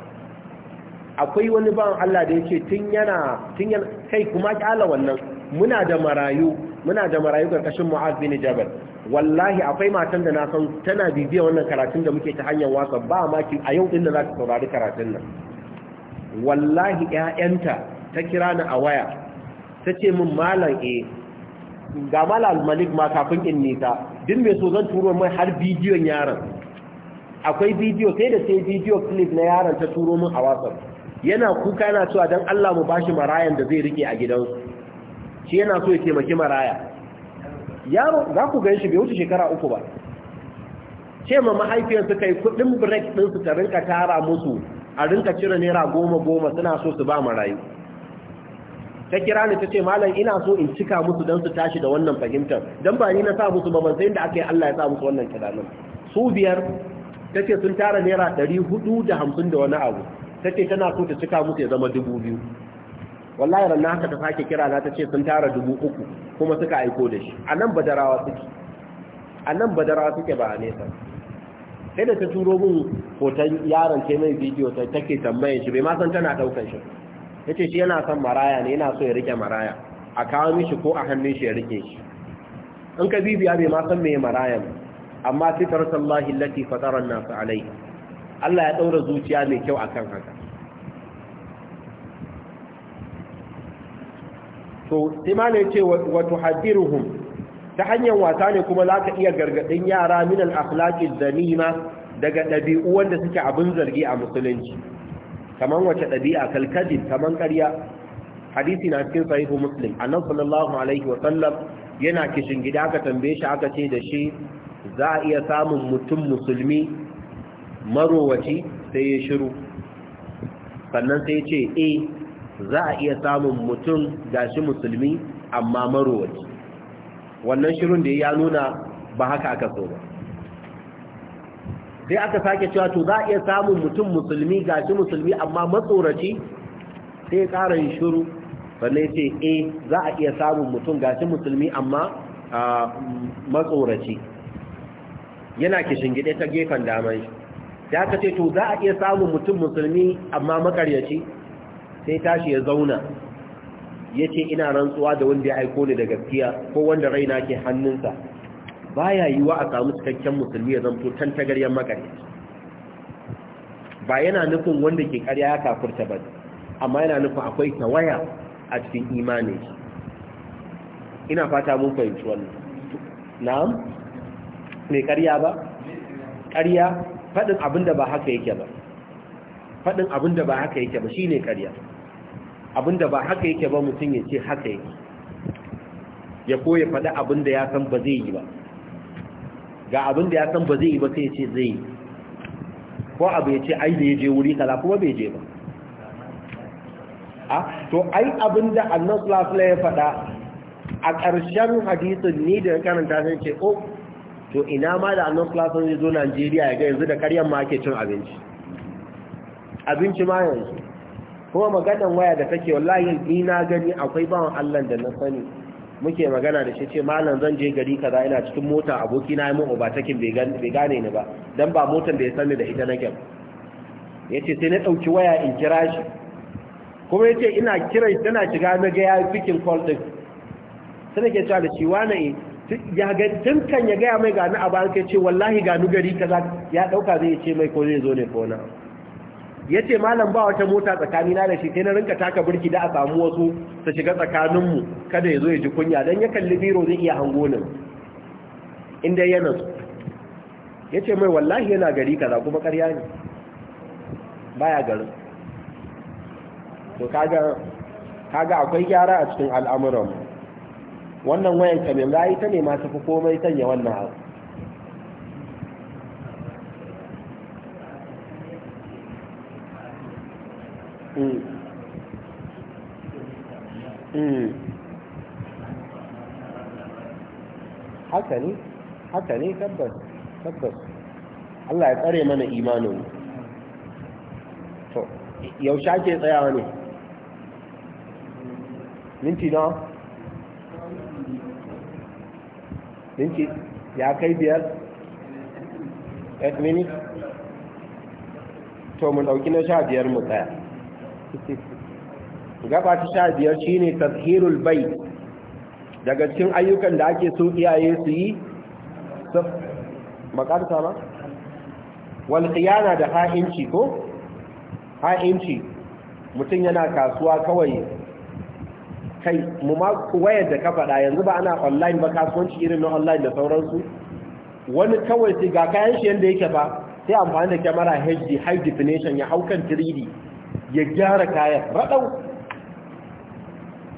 akwai wani ban Allah da yake tun yana tun yana kai kuma kyala wannan muna da marayu muna da marayu karkashin Mu'az bin Jabal wallahi akwai matan da na san tana bibiya wannan karatun da muke ta hanyar WhatsApp ba ma ki a yau din da za ka saurari karatun nan wallahi 'ya'yanta ta kira ni a waya ta ce min malam e ga malam malik ma kafin in nisa din mai so zan turo mai har bidiyon yaron akwai bidiyo sai da sai bidiyo clip na yaron ta turo min a whatsapp yana kuka yana cewa don Allah mu bashi marayan da zai rike a gidansu shi yana so ya taimaki maraya yaro za ku gan shi bai wuce shekara uku ba ce ma mahaifiyarsu kai kudin break ɗinsu ta rinka tara musu a rinka cire naira goma goma suna so su ba rayu. ta kira ni ta ce malam ina so in cika musu don su tashi da wannan fahimtar don ba ni na sa musu ba ban sai da aka yi Allah ya sa musu wannan tunanin su biyar ta ce sun tara naira ɗari hudu da hamsin da wani abu ta ce tana so ta cika musu ya zama dubu biyu wallahi ranar haka ta sake kira na ta ce sun tara dubu uku kuma suka aiko da shi a nan badarawa suke a nan badarawa suke ba a nesa sai da ta turo min hoton yaron ce mai bidiyo ta take tambayar shi bai ma san tana daukan shi yace shi yana son maraya ne yana so ya rike maraya a kawo mishi ko a hannun shi ya rike shi in ka bibiya bai ma san meye marayan amma fitar sallahi lati fatara nasu alai Allah ya daura zuciya mai kyau akan haka to sai ma ne ce wa tuhadiruhum ta hanyar wasa ne kuma za ka iya gargaɗin yara min al-akhlaqi daga ɗabi'u wanda suke abin zargi a musulunci Kamar wace ɗabi'a kalkadin kamar ƙarya hadisi na cikin sahihu muslim nan, sallallahu alaihi wa yana kishin gida aka tambaye shi aka ce da shi za a iya samun mutum musulmi marowaci sai ya shiru sannan sai ce e za a iya samun mutum gashi musulmi amma marowaci wannan shirin da ya nuna ba haka aka so ba sai aka sake cewa to za a iya samun mutum musulmi ga shi musulmi amma matsoraci sai ya ƙara yin shiru sannan ya ce e za a iya samun mutum ga shi musulmi amma matsoraci yana kishingide ta gefen damar shi da aka ce to za a iya samun mutum musulmi amma makaryaci sai tashi ya zauna ya ce ina rantsuwa da wanda ya aiko ni da gaskiya ko wanda raina ke hannunsa baya wa a samu cikakken musulmi ya zanto tan tagaryen makare ba yana nufin wanda ke karya ya kafurta ba amma yana nufin akwai tawaya a cikin imani ina fata mun fahimci wannan na'am mai karya ba karya faɗin abinda ba haka yake ba faɗin abinda ba haka yake ba shine karya abinda ba haka yake ba mutum ya ce haka yake ya koya faɗi abinda ya san ba zai yi ba ga abinda ya san ba zai yi ba sai ya ce zai yi ko abu ya ce ai da ya je wuri kala kuma bai je ba a ah, to ai abinda annan sulasula ya faɗa a ƙarshen hadisin ni da karanta sai ce oh to ina ma da annan sulasula zai zo najeriya ya ga yanzu da karyan ma ake cin abinci abinci ma yanzu kuma maganan waya da take wallahi ni na gani akwai bawan Allah da na sani muke magana da shi ce malam zan je gari kaza ina cikin mota aboki na mu ba takin bai gane ni ba dan ba motan da ya sani da ita nake yace sai na dauki waya in kira shi kuma yace ina kira tana shiga na ga ya fikin call din sai nake cewa da shi wani eh? ya ga kan ya ga mai gani a ba ce wallahi nu gari kaza ya dauka zai ce mai ko zai zo ne ko na ya ce malam ba wata mota tsakanina da shi sai na rinka taka birki da a samu wasu su shiga tsakaninmu kada ya zo ya ji kunya don ya kalli biro zai iya hango nan inda yana su ya ce mai wallahi yana gari kaza kuma karya ne baya garin to kaga kaga akwai gyara a cikin al'amuran wannan wayan kamin za a ta ne masu fi komai sanya wannan abu haka ne haka ne tabbas tabbas Allah ya tsare mana imanin to yaushe ake tsayawa ne minti na minti ya kai biyar 8 minutes to mu dauki na sha biyar mu tsaya gaba ta sha biyar shine ne bai daga cikin ayyukan da ake so iyaye su yi makarta ba walƙiyana da ha'inci ko ha'inci mutum yana kasuwa kawai kai mu ma wayar da ka faɗa yanzu ba ana online ba kasuwanci irin na online da sauransu wani kawai sai ga kayan shi yadda yake ba sai amfani da kyamara hd high definition ya haukan kan 3d ya gyara kayan raɗau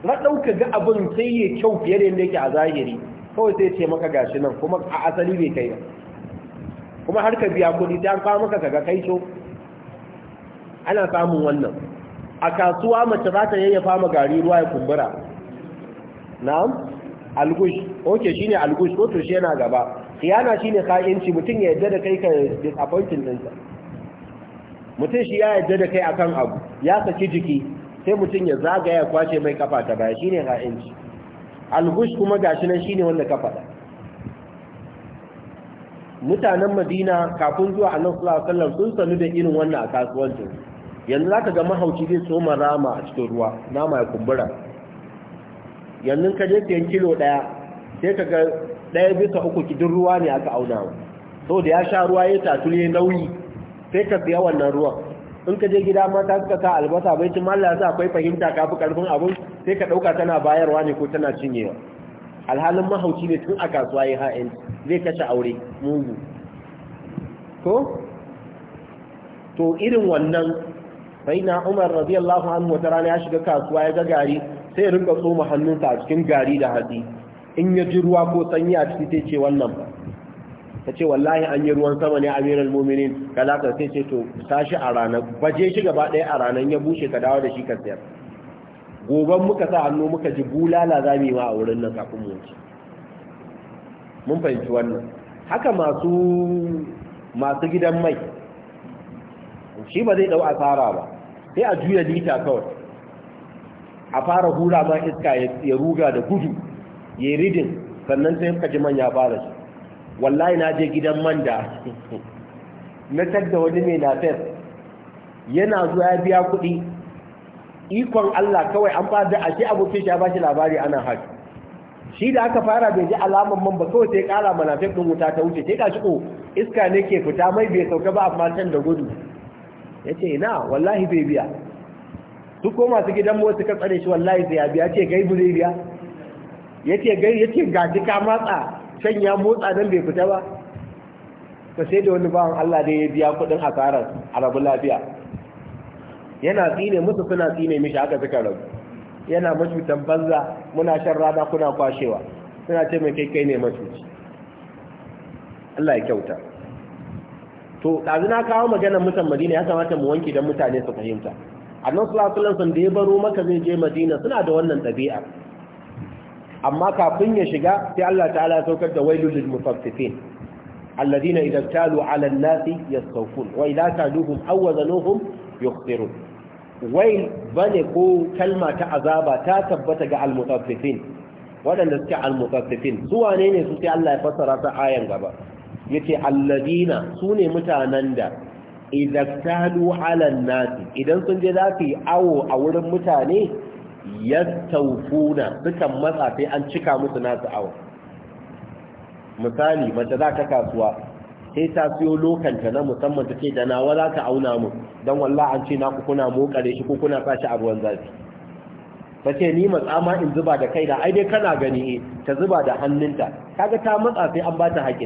raɗau ka ga abin sai ya kyau fiye da yadda yake a zahiri kawai sai ce maka gashi nan kuma a asali bai kai kuma har ka biya kuɗi ta an kawo maka kaga kai so ana samun wannan a kasuwa mace za ta yayyafa fama gari ruwa ya kumbura na'am algush oke shine algush ko to shi yana gaba khiyana shine ka'inci mutum ya yadda da kai ka disappointing ɗinsa mutum shi ya yadda da kai akan abu ya saki jiki sai mutum ya zagaya ya kwace mai kafa ta baya shine ha'inci alhush kuma gashi nan shine wanda ka faɗa mutanen Madina kafin zuwa Annabi sallallahu alaihi wasallam sun sanu da irin wannan a kasuwancin yanzu zaka ga mahauci zai tsoma rama a cikin ruwa nama ya kumbura yanzu ka je siyan kilo daya sai ka ga daya bisa uku kidin ruwa ne aka auna wa Sau da ya sha ruwa ya tatule nauyi sai ka biya wannan ruwan in ka je gida mata suka sa albasa bai cin Allah yasa akwai fahimta kafi karfin abun sai ka dauka tana bayarwa ne ko tana cinyewa alhalin mahauci ne tun a kasuwa ya ha'in zai kashe aure mugu ko to irin wannan sai na Umar radiyallahu anhu wata rana ya shiga kasuwa ya ga gari sai ya rinka tsoma hannunsa a cikin gari da hatsi in ya ji ruwa ko sanyi a ciki sai ce wannan ba ta ce wallahi an yi ruwan sama ne a al muminin ka ka sai ce to tashi a ranar baje shi gaba ɗaya a ranar ya bushe ka dawo da shi ka sayar goban muka sa hannu muka ji bulala za mu yi ma a wurin nan kafin mu wuce mun fahimci wannan haka masu masu gidan mai shi ba zai dau asara ba sai a juya lita kawai a fara hura ma iska ya ruga da gudu ya ridin sannan sai ka ji manya fara shi wallahi na je gidan manda da na tadda wani mai lafiyar yana zuwa ya biya kuɗi ikon Allah kawai an fara da ce abokin shi ya bashi labari ana haka shi da aka fara bai ji alaman man ba kawai sai kara manafik din wuta ta wuce sai ka shi iska ne ke fita mai bai sauka ba amma can da gudu yace ina wallahi bai biya duk ko masu gidan mu suka tsare shi wallahi sai biya ce gaibu zai biya yace gai yace ga ka matsa can ya motsa nan bai fita ba ta sai da wani bawan Allah da ya biya kuɗin asarar a rabu lafiya yana tsine musu suna tsine mishi aka suka rabu yana macutan banza muna shan rana kuna kwashewa suna ce mai kai kai ne macuci Allah ya kyauta to ɗazu na kawo maganar mutan madina ya kamata mu wanke don mutane su fahimta annan sulatulansu da ya baro maka zai je madina suna da wannan ɗabi'a amma kafin ya shiga sai Allah ta'ala ya saukar da wailul lil mutaffifin alladhina idza talu 'ala an-nasi yastawfun wa idza taluhum aw wazanuhum yukhsirun wail bane ko kalma ta azaba ta tabbata ga al-mutaffifin waɗanda suke al-mutaffifin su wane ne su sai Allah ya fassara ta ayan gaba yace alladhina sune mutanen da idza talu 'ala an-nasi idan sun je za su yi awo a wurin mutane yastawfuna sukan matsa sai an cika musu nasu awa misali mace za ta kasuwa sai ta siyo lokanta na musamman ta ce da nawa za ka auna mu don wallah an ce naku kuna mokare shi ko kuna sa a ruwan zafi ta ce ni matsa ma in zuba da kai da ai dai kana gani eh, ta zuba da hannunta kaga ta matsa sai an bata ta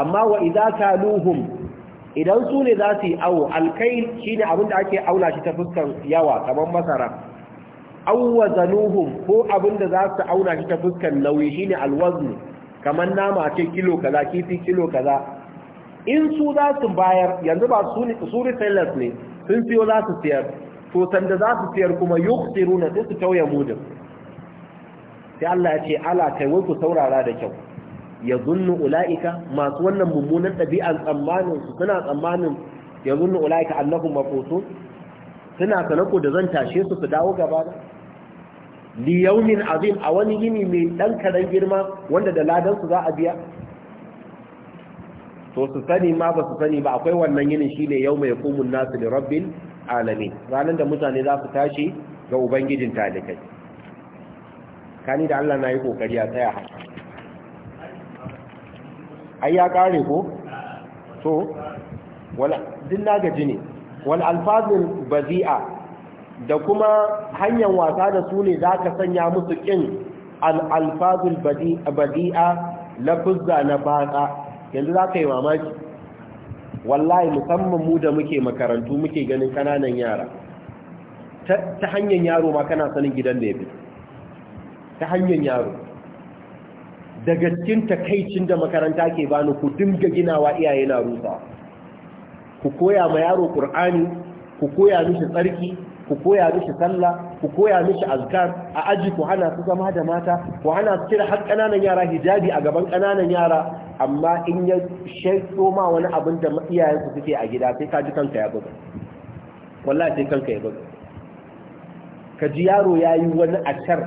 amma wa idza kaluhum idan su ne za su yi awo alkai shine abin da ake auna shi ta fuskan yawa kamar masara awwazanuhum ko abin da za su auna shi ta fuskan nauyi shine alwazn kamar nama ce kilo kaza kifi kilo kaza in su za su bayar yanzu ba su su retailers ne sun siyo za su siyar to sanda za su siyar kuma yukhsiruna sai su tauye mudin sai Allah ya ce ala kai wai ku saurara da kyau ya zunnu ula'ika masu wannan mummunan ɗabi'an tsammanin su suna tsammanin ya zunnu ula'ika annahum mafusun suna sanako da zan tashe su su dawo gaba Li yaumin azim a wani yini mai ɗan kaɗan girma wanda da su za a biya to su sani ma ba su sani ba akwai wannan yinin shine yau mai kumun nasu da rabbin alamin ranar da mutane za su tashi ga ubangijin talikai kani da allah na yi kokari a tsaya haka ai ya kare ko to wala din na gaji ne wal alfazul bazi'a da kuma hanyar wasa da su ne za ka sanya musu ƙin al'alfazul badi'a lafuzza na baƙa. yanzu za ka yi mamaki wallahi musamman mu da muke makarantu muke ganin kananan yara ta hanyar yaro ma kana sanin gidan da ya fi ta hanyar yaro daga cikin takaicin da makaranta ke bani ku dinga ginawa iyaye na rusa ku koya ma yaro ƙur'ani ku koya mishi tsarki ku koya mishi sallah ku koya mishi azkar a aji ku hana su zama da mata ku hana su kira har kananan yara hijabi a gaban kananan yara amma in ya shaito ma wani abin da iyayen su suke a gida sai ka ji kanka ya buga wallahi sai kanka ya buga ka ji yaro ya yi wani ashar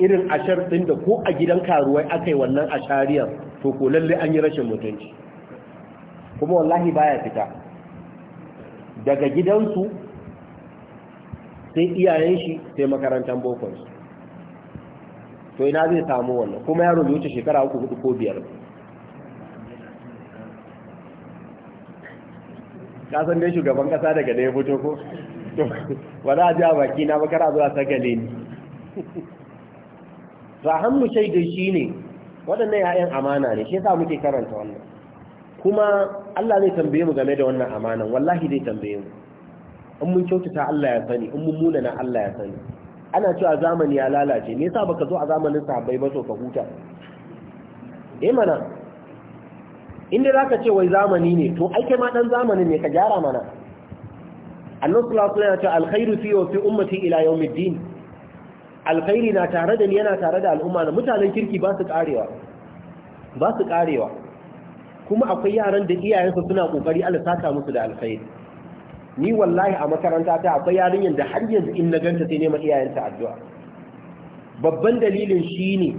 irin ashar ɗin da ko a gidan karuwai aka wannan ashariyar to ko lalle an yi rashin mutunci kuma wallahi baya fita daga gidansu sai iyayen shi sai makarantar bokon su to ina zai samu wannan kuma yaro bai wuce shekara uku hudu ko biyar ka san dai shugaban kasa daga da ya fito ko to ba za a ji a baki na bakara zuwa sagale ni rahan mu shaidar shi ne waɗannan ‘ya'yan amana ne shi yasa muke karanta wannan kuma Allah zai tambaye mu game da wannan amanan wallahi zai tambaye mu in mun kyautata Allah ya sani in mun munana Allah ya sani ana cewa zamani ya lalace me yasa baka zo a zamanin sahabbai ba so ka huta eh mana inda zaka ce wai zamani ne to ai kai ma dan zamanin ne ka gyara mana annabi sallallahu alaihi wasallam ya ce alkhairu fi wa fi ummati ila yawmiddin alkhairi na tare da ni yana tare da al'umma da mutanen kirki ba su karewa ba su karewa kuma akwai yaran da iyayensu suna kokari Allah saka musu da alkhairi ni wallahi a makaranta ta akwai yarinyar da har yanzu in na ganta sai nema iyayenta addu'a babban dalilin shine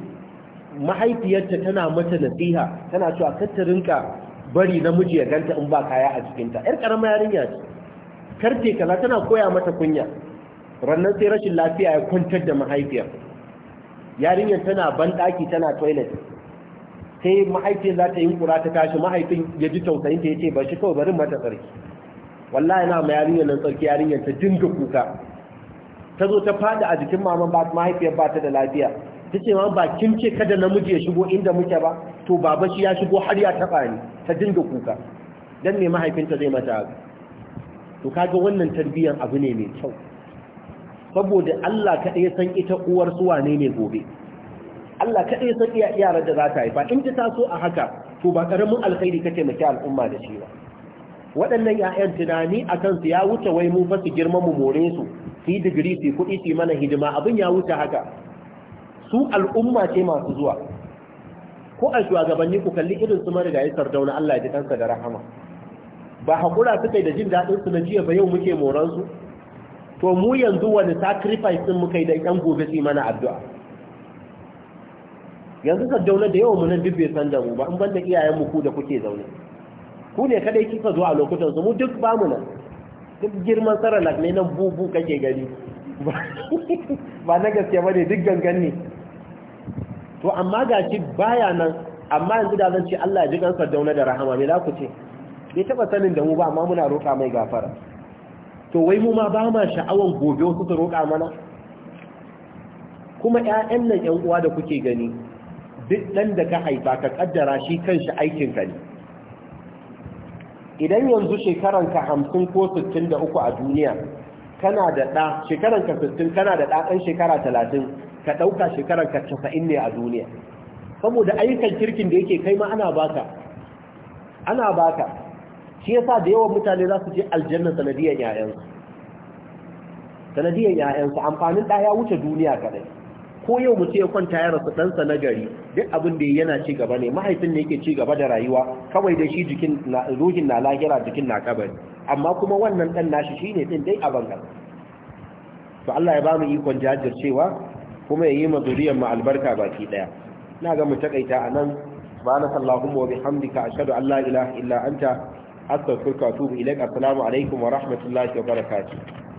mahaifiyarta tana mata nasiha tana cewa kar ta rinka bari namiji ya ganta in ba kaya a jikinta yar karama yarinya ce karte kaza tana koya mata kunya rannan sai rashin lafiya ya kwantar da mahaifiyar yarinyar tana banɗaki tana toilet sai mahaifiyar za ta yi kura ta tashi mahaifin ya ji tausayin ta ya ce ba shi kawai bari mata tsarki wallahi na ma yarinyar nan tsarki yarinyar ta dinga kuka ta zo ta fada a jikin maman ba mahaifiyar ba ta da lafiya ta ce ma ba kin ce kada namiji ya shigo inda muke ba to baba shi ya shigo har ya taba ni ta dinga kuka dan me mahaifinta zai mata haka to kaga wannan tarbiyyar abu ne mai kyau saboda Allah ya san ita uwar su wane ne gobe Allah kaɗai san iya yaran da za ta haifa in ta taso a haka to ba karamin alkhairi kake maki al'umma da shi ba waɗannan 'ya'yan tunani a kansu ya wuce wai mu basu su girma mu more su fi digiri fi kuɗi fi mana hidima abin ya wuce haka su al'umma ce masu zuwa ko a shugabanni ku kalli irin su marigayi sardauna Allah ya ji da rahama ba haƙura suka yi da jin daɗinsu na jiya ba yau muke moransu, to mu yanzu wani sacrifice din muka yi da 'yan gobe su mana addu'a yanzu sardauna da yawan mu nan duk bai san da mu ba in banda iyayenmu ku da kuke zaune ku ne kadai kika zo a lokutan su mu duk ba mu nan duk girman saralak ne nan bubu kake gani ba na gaske ba ne duk gangan ne to amma ga shi baya nan amma yanzu da zan ce Allah ya ji gansa dauna da rahama me za ku ce bai taba sanin da mu ba amma muna roƙa mai gafara to wai mu ma ba ma sha'awan gobe wasu su roƙa mana kuma ƴaƴan nan ƴan uwa da kuke gani duk dan da ka haifa ka kaddara shi kanshi aikin ka ne idan yanzu shekaranka hamsin ko sittin da uku a duniya kana da ɗa shekaranka sittin kana da ɗa ɗan shekara talatin ka ɗauka shekaranka casa'in ne a duniya saboda ayyukan kirkin da yake kai ma ana baka ana baka shi yasa da yawan mutane za su je aljanna sanadiyar 'ya'yansu sanadiyar 'ya'yansu amfanin ɗaya wuce duniya kaɗai ko yau mutum ya kwanta ya rasu ɗansa na gari duk abin da yana ci gaba ne mahaifin ne yake ci gaba da rayuwa kawai da shi jikin na ruhin na lahira jikin na kabari amma kuma wannan ɗan nashi shi ne ɗin dai a bangar to Allah ya bamu ikon jajircewa kuma ya yi ma zuriyar mu albarka baki ɗaya na ga mu takaita ba na sallahu wa bihamdika ashhadu an la ilaha illa anta astaghfiruka wa atubu ilaik assalamu alaikum wa rahmatullahi wa barakatuh